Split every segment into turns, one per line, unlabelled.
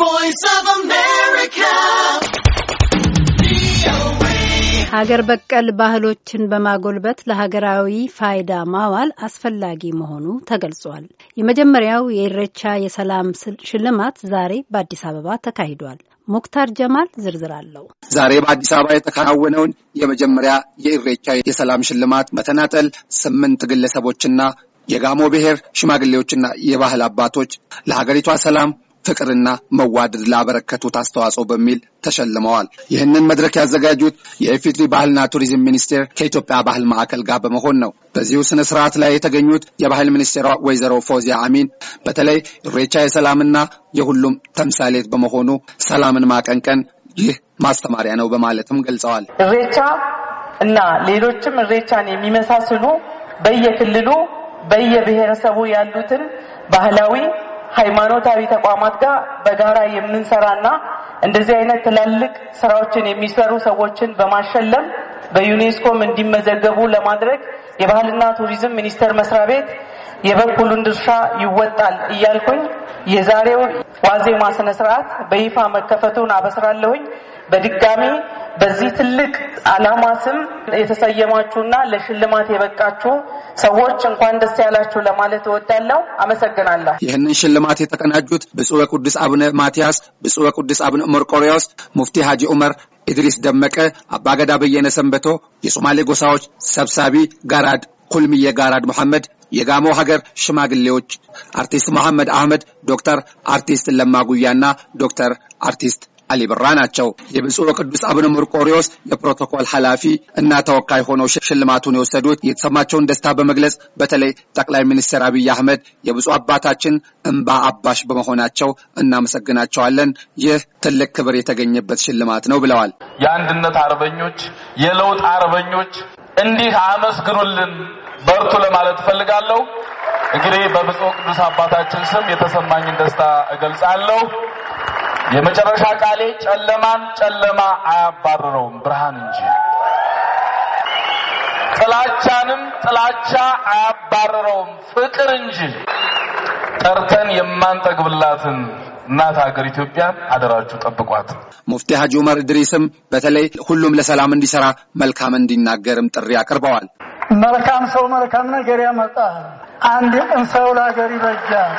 voice of America.
ሀገር በቀል ባህሎችን በማጎልበት ለሀገራዊ ፋይዳ ማዋል አስፈላጊ መሆኑ ተገልጿል። የመጀመሪያው የኢሬቻ የሰላም ሽልማት ዛሬ በአዲስ አበባ ተካሂዷል። ሙክታር ጀማል ዝርዝር አለው። ዛሬ በአዲስ አበባ የተከናወነውን የመጀመሪያ የኢሬቻ የሰላም ሽልማት በተናጠል ስምንት ግለሰቦችና የጋሞ ብሔር ሽማግሌዎችና የባህል አባቶች ለሀገሪቷ ሰላም ፍቅርና መዋደድ ላበረከቱት አስተዋጽኦ በሚል ተሸልመዋል። ይህንን መድረክ ያዘጋጁት የኢፌዴሪ ባህልና ቱሪዝም ሚኒስቴር ከኢትዮጵያ ባህል ማዕከል ጋር በመሆን ነው። በዚሁ ስነ ስርዓት ላይ የተገኙት የባህል ሚኒስቴሯ ወይዘሮ ፎዚያ አሚን በተለይ ሬቻ የሰላምና የሁሉም ተምሳሌት በመሆኑ ሰላምን ማቀንቀን ይህ ማስተማሪያ ነው በማለትም ገልጸዋል።
እሬቻ እና ሌሎችም እሬቻን የሚመሳስሉ በየክልሉ በየብሔረሰቡ ያሉትን ባህላዊ ሃይማኖታዊ ተቋማት ጋር በጋራ የምንሰራና እንደዚህ አይነት ትላልቅ ስራዎችን የሚሰሩ ሰዎችን በማሸለም በዩኔስኮም እንዲመዘገቡ ለማድረግ የባህልና ቱሪዝም ሚኒስቴር መስሪያ ቤት የበኩሉን ድርሻ ይወጣል እያልኩኝ የዛሬው ዋዜማ ስነ ስርዓት በይፋ መከፈቱን አበስራለሁኝ። በድጋሚ በዚህ ትልቅ ዓላማ ስም የተሰየማችሁና ለሽልማት የበቃችሁ ሰዎች እንኳን ደስ ያላችሁ ለማለት እወዳለሁ። አመሰግናለሁ።
ይህንን ሽልማት የተቀናጁት ብፁዕ ቅዱስ አቡነ ማትያስ፣ ብፁዕ ቅዱስ አቡነ መርቆሪዎስ፣ ሙፍቲ ሀጂ ዑመር ኢድሪስ ደመቀ፣ አባገዳ በየነ ሰንበቶ፣ የሶማሌ ጎሳዎች ሰብሳቢ ጋራድ ኩልሚየ ጋራድ መሐመድ፣ የጋሞ ሀገር ሽማግሌዎች አርቲስት መሐመድ አህመድ፣ ዶክተር አርቲስት ለማጉያና ዶክተር አርቲስት አሊ ብራ ናቸው። የብፁዕ ወቅዱስ አቡነ መርቆሪዎስ የፕሮቶኮል ኃላፊ እና ተወካይ ሆነው ሽልማቱን የወሰዱት የተሰማቸውን ደስታ በመግለጽ በተለይ ጠቅላይ ሚኒስትር አብይ አህመድ የብፁዕ አባታችን እምባ አባሽ በመሆናቸው እናመሰግናቸዋለን። ይህ ትልቅ ክብር የተገኘበት ሽልማት ነው ብለዋል።
የአንድነት አርበኞች፣ የለውጥ አርበኞች እንዲህ አመስግኑልን፣ በርቱ ለማለት እፈልጋለሁ።
እንግዲህ በብፁዕ ቅዱስ አባታችን ስም የተሰማኝን ደስታ እገልጻለሁ። የመጨረሻ ቃሌ ጨለማን ጨለማ አያባርረውም፣ ብርሃን እንጂ።
ጥላቻንም ጥላቻ አያባርረውም፣ ፍቅር እንጂ። ጠርተን የማንጠግብላትን እናት ሀገር
ኢትዮጵያን አደራችሁ ጠብቋት። ሙፍቲ ሀጂ ዑመር እድሪስም በተለይ ሁሉም ለሰላም እንዲሰራ መልካም እንዲናገርም ጥሪ አቅርበዋል።
መልካም ሰው መልካም ነገር ያመጣል። አንድ ሰው ለሀገር ይበጃል።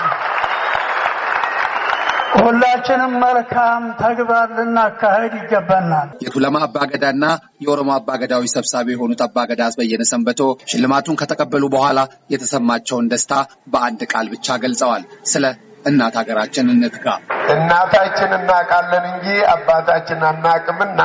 ሁላችንም መልካም ተግባር ልናካሄድ ይገባናል።
የቱለማ አባገዳና የኦሮሞ አባገዳዊ ሰብሳቢ የሆኑት አባገዳ አስበየነ ሰንበቶ ሽልማቱን ከተቀበሉ በኋላ የተሰማቸውን ደስታ በአንድ ቃል ብቻ ገልጸዋል። ስለ እናት ሀገራችን እንትጋ።
እናታችን እናውቃለን እንጂ አባታችን አናቅምና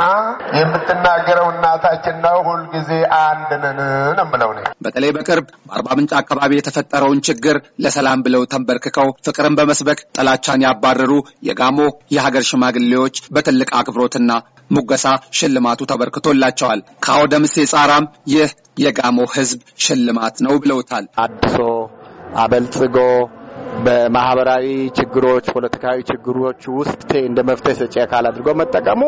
የምትናገረው እናታችን ነው። ሁልጊዜ አንድ ነን ነው ብለው ነ
በተለይ በቅርብ በአርባ ምንጭ አካባቢ የተፈጠረውን ችግር ለሰላም ብለው ተንበርክከው ፍቅርን በመስበክ ጥላቻን ያባረሩ የጋሞ የሀገር ሽማግሌዎች በትልቅ አክብሮትና ሙገሳ ሽልማቱ ተበርክቶላቸዋል። ከአውደ ጻራም ይህ የጋሞ ህዝብ ሽልማት ነው ብለውታል። አድሶ አበልጽጎ በማህበራዊ ችግሮች፣ ፖለቲካዊ ችግሮች ውስጥ እንደ መፍትሄ ሰጪ አካል አድርጎ መጠቀሙ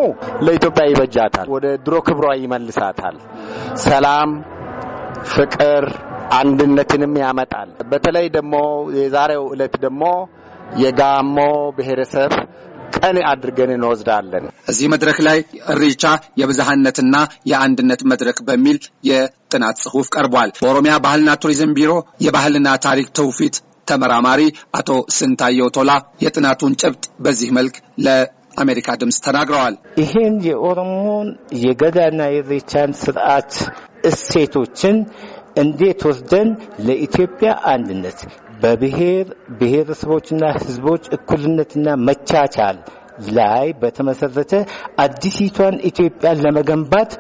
ለኢትዮጵያ ይበጃታል። ወደ ድሮ ክብሯ ይመልሳታል። ሰላም፣ ፍቅር፣ አንድነትንም ያመጣል። በተለይ ደግሞ የዛሬው እለት ደግሞ የጋሞ ብሔረሰብ ቀን አድርገን እንወስዳለን። እዚህ መድረክ ላይ እሬቻ የብዝሃነትና የአንድነት መድረክ በሚል የጥናት ጽሑፍ ቀርቧል። በኦሮሚያ ባህልና ቱሪዝም ቢሮ የባህልና ታሪክ ትውፊት ተመራማሪ አቶ ስንታየው ቶላ የጥናቱን ጭብጥ በዚህ መልክ ለአሜሪካ ድምፅ ተናግረዋል።
ይህን የኦሮሞን የገዳና የሬቻን ስርዓት እሴቶችን እንዴት ወስደን ለኢትዮጵያ አንድነት በብሔር ብሔረሰቦችና ሕዝቦች እኩልነትና መቻቻል ላይ በተመሰረተ አዲሲቷን ኢትዮጵያን ለመገንባት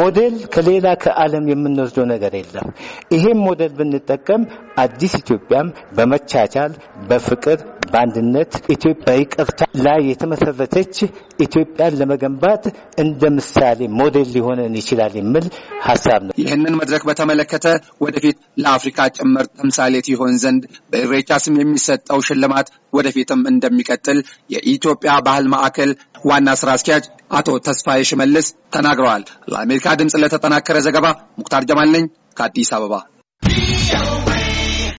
ሞዴል ከሌላ ከዓለም የምንወስደው ነገር የለም። ይሄም ሞዴል ብንጠቀም አዲስ ኢትዮጵያም በመቻቻል፣ በፍቅር፣ በአንድነት ኢትዮጵያ በይቅርታ ላይ የተመሰረተች ኢትዮጵያን ለመገንባት እንደ ምሳሌ ሞዴል ሊሆነን ይችላል የሚል
ሀሳብ ነው። ይህንን መድረክ በተመለከተ ወደፊት ለአፍሪካ ጭምር ተምሳሌት ይሆን ዘንድ በኢሬቻ ስም የሚሰጠው ሽልማት ወደፊትም እንደሚቀጥል የኢትዮጵያ ባህል ባህል ማዕከል ዋና ስራ አስኪያጅ አቶ ተስፋዬ ሽመልስ ተናግረዋል። ለአሜሪካ ድምፅ ለተጠናከረ ዘገባ ሙክታር ጀማል ነኝ ከአዲስ አበባ